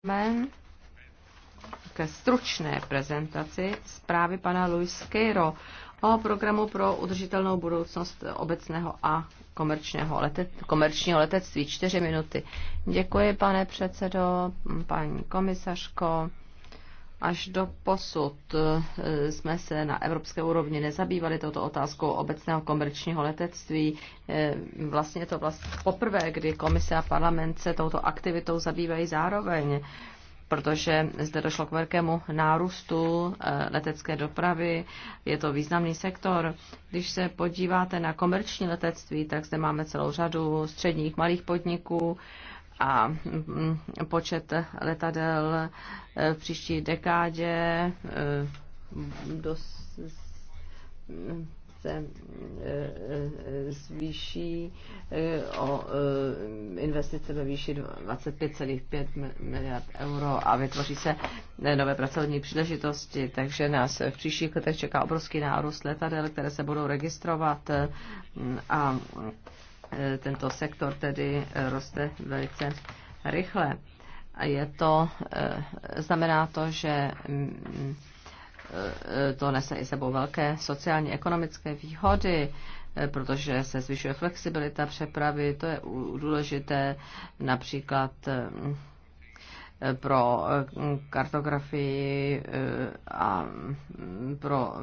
Amen. ke stručné prezentaci zprávy pana Luis Queiro o programu pro udržitelnou budoucnost obecného a komerčního, lete, komerčního letectví. Čtyři minuty. Děkuji, pane předsedo, paní komisařko. Až do posud eh, jsme se na evropské úrovni nezabývali touto otázkou obecného komerčního letectví. Eh, vlastně je to vlast poprvé, kdy komise a parlament se touto aktivitou zabývají zároveň protože zde došlo k velkému nárůstu eh, letecké dopravy. Je to významný sektor. Když se podíváte na komerční letectví, tak zde máme celou řadu středních malých podniků a mm, počet letadel e, v příští dekádě e, e, se zvýší o investice ve výši 25,5 miliard euro a vytvoří se nové pracovní příležitosti, takže nás v příštích letech čeká obrovský nárůst letadel, které se budou registrovat a Eh, tento sektor tedy eh, roste velice rychle. A je to, eh, znamená to, že mm, to nese i sebou velké sociálně ekonomické výhody, protože se zvyšuje flexibilita přepravy, to je důležité například pro kartografii a mm, pro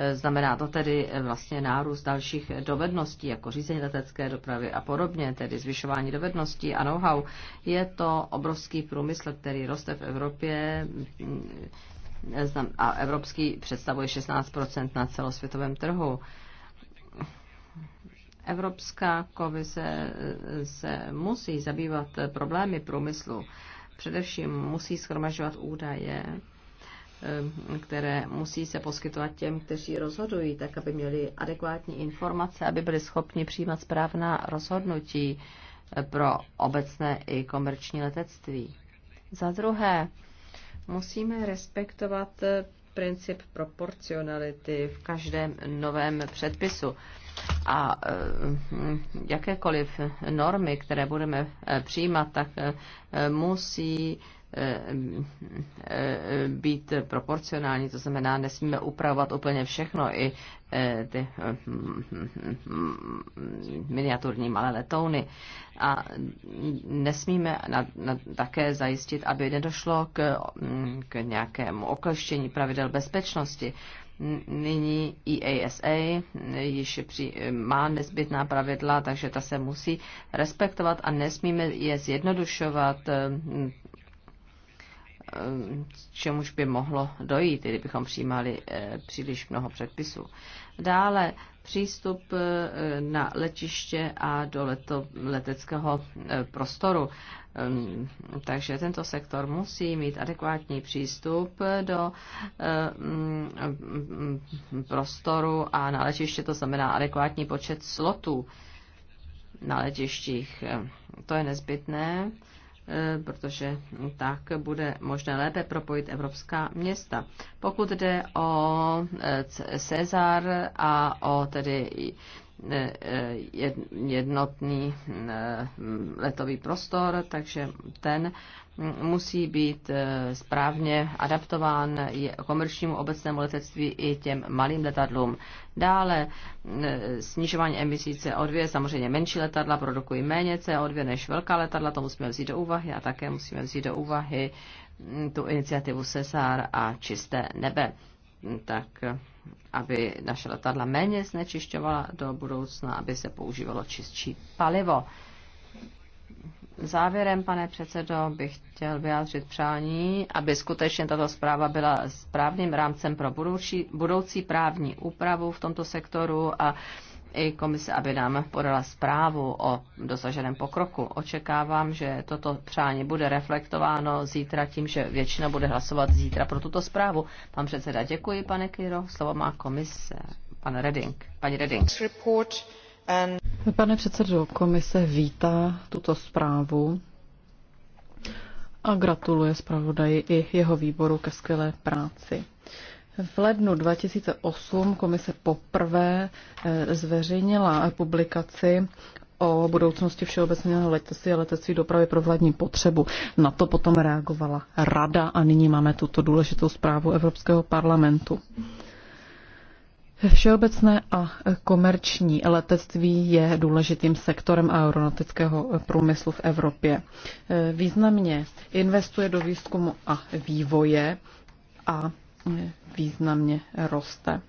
Eh, znamená to tedy eh, vlastně nárůst dalších eh, dovedností, jako řízení letecké dopravy a podobně, tedy zvyšování dovedností a know-how. Je to obrovský průmysl, který roste v Evropě mm, a evropský představuje 16 na celosvětovém trhu. Evropská komise se musí zabývat problémy průmyslu. Především musí schromažovat údaje Eh, které musí se poskytovat těm, kteří rozhodují, tak aby měli adekvátní informace, aby byli schopni přijímat správná rozhodnutí eh, pro obecné i komerční letectví. Za druhé, musíme respektovat eh, princip proporcionality v každém novém předpisu. A e, jakékoliv normy, které budeme e, přijímat, tak e, musí být proporcionální, to znamená, nesmíme upravovat úplně všechno, i ty mm, miniaturní malé letouny. A nesmíme na, na, také zajistit, aby nedošlo k, k nějakému okleštění pravidel bezpečnosti nyní EASA již při, má nezbytná pravidla, takže ta se musí respektovat a nesmíme je zjednodušovat čemuž by mohlo dojít, kdybychom přijímali eh, příliš mnoho předpisů. Dále přístup eh, na letiště a do leto, leteckého eh, prostoru. Ehm, takže tento sektor musí mít adekvátní přístup do ehm, prostoru a na letiště to znamená adekvátní počet slotů na letištích. Ehm, to je nezbytné Eh, protože tak bude možné lépe propojit evropská města. Pokud jde o eh, Cezar a o tedy Eh, eh, jednotný eh, letový prostor, takže ten musí být správně adaptován komerčnímu obecnému letectví i těm malým letadlům. Dále snižování emisí CO2, samozřejmě menší letadla produkují méně CO2 než velká letadla, to musíme vzít do úvahy a také musíme vzít do úvahy mm, tu iniciativu Cesar a čisté nebe tak aby naše letadla méně znečišťovala do budoucna, aby se používalo čistší palivo. Závěrem, pane předsedo, bych chtěl vyjádřit přání, aby skutečně tato zpráva byla správným rámcem pro budoucí, budoucí právní úpravu v tomto sektoru a i komise, aby nám podala zprávu o dosaženém pokroku. Očekávám, že toto přání bude reflektováno zítra tím, že většina bude hlasovat zítra pro tuto zprávu. Pan předseda, děkuji, pane Kiro. Slovo má komise, pan Reding. Pani Reding. Pane předsedo, komise vítá tuto zprávu a gratuluje zpravodaji i jeho výboru ke skvělé práci. V lednu 2008 komise poprvé eh, zveřejnila publikaci o budoucnosti všeobecného letectví a letectví dopravy pro vládní potřebu. Na to potom reagovala Rada a nyní máme tuto důležitou zprávu Evropského parlamentu. Všeobecné a komerční letectví je důležitým sektorem aeronautického průmyslu v Evropě. Eh, významně investuje do výzkumu a vývoje a významně roste.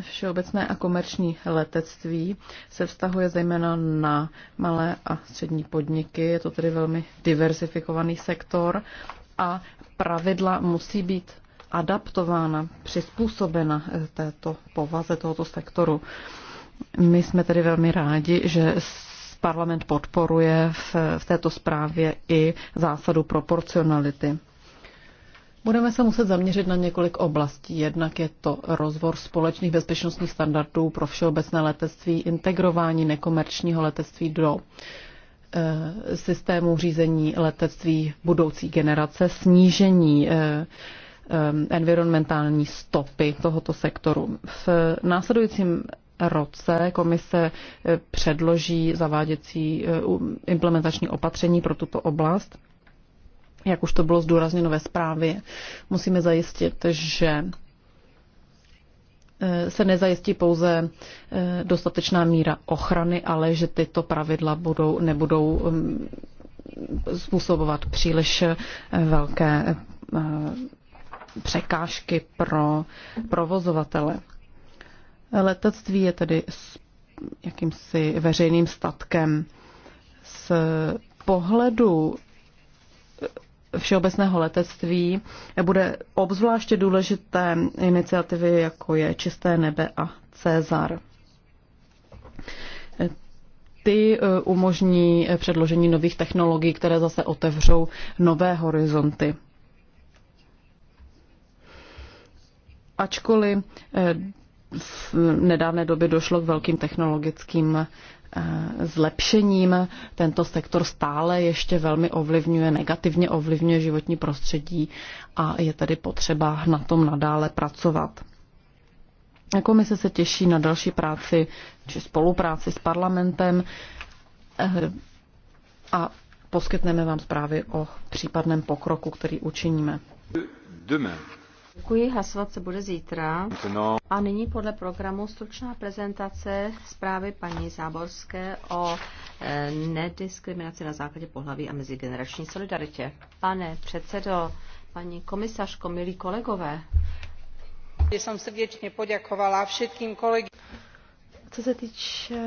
Všeobecné a komerční letectví se vztahuje zejména na malé a střední podniky. Je to tedy velmi diversifikovaný sektor a pravidla musí být adaptována, přizpůsobena této povaze tohoto sektoru. My jsme tedy velmi rádi, že parlament podporuje v, v této zprávě i zásadu proporcionality. Budeme se muset zaměřit na několik oblastí. Jednak je to rozvor společných bezpečnostních standardů pro všeobecné letectví, integrování nekomerčního letectví do e, systému řízení letectví budoucí generace, snížení e, environmentální stopy tohoto sektoru. V následujícím roce komise eh, předloží zaváděcí eh, implementační opatření pro tuto oblast. Jak už to bylo zdůrazněno ve zprávě, musíme zajistit, že eh, se nezajistí pouze dostatečná míra ochrany, ale že tyto pravidla budou, nebudou mm, způsobovat příliš velké překážky pro provozovatele. Letectví je tedy s jakýmsi veřejným statkem. Z pohledu všeobecného letectví bude obzvláště důležité iniciativy, jako je Čisté nebe a Cezar. Ty e, umožní předložení nových technologií, které zase otevřou nové horizonty. Ačkoliv e, v nedávné době došlo k velkým technologickým eh, zlepšením. Tento sektor stále ještě velmi ovlivňuje, negativně ovlivňuje životní prostředí a je tedy potřeba na tom nadále pracovat. Komise se těší na další práci či spolupráci s parlamentem eh, a poskytneme vám zprávy o případném pokroku, který učiníme. Demain. Děkuji, hlasovat se bude zítra. No. A nyní podle programu stručná prezentace zprávy paní Záborské o e, nediskriminaci na základě pohlaví a mezigenerační solidaritě. Pane předsedo, paní komisařko, milí kolegové. Jsem srdečně poděkovala všem kolegům. Co se týče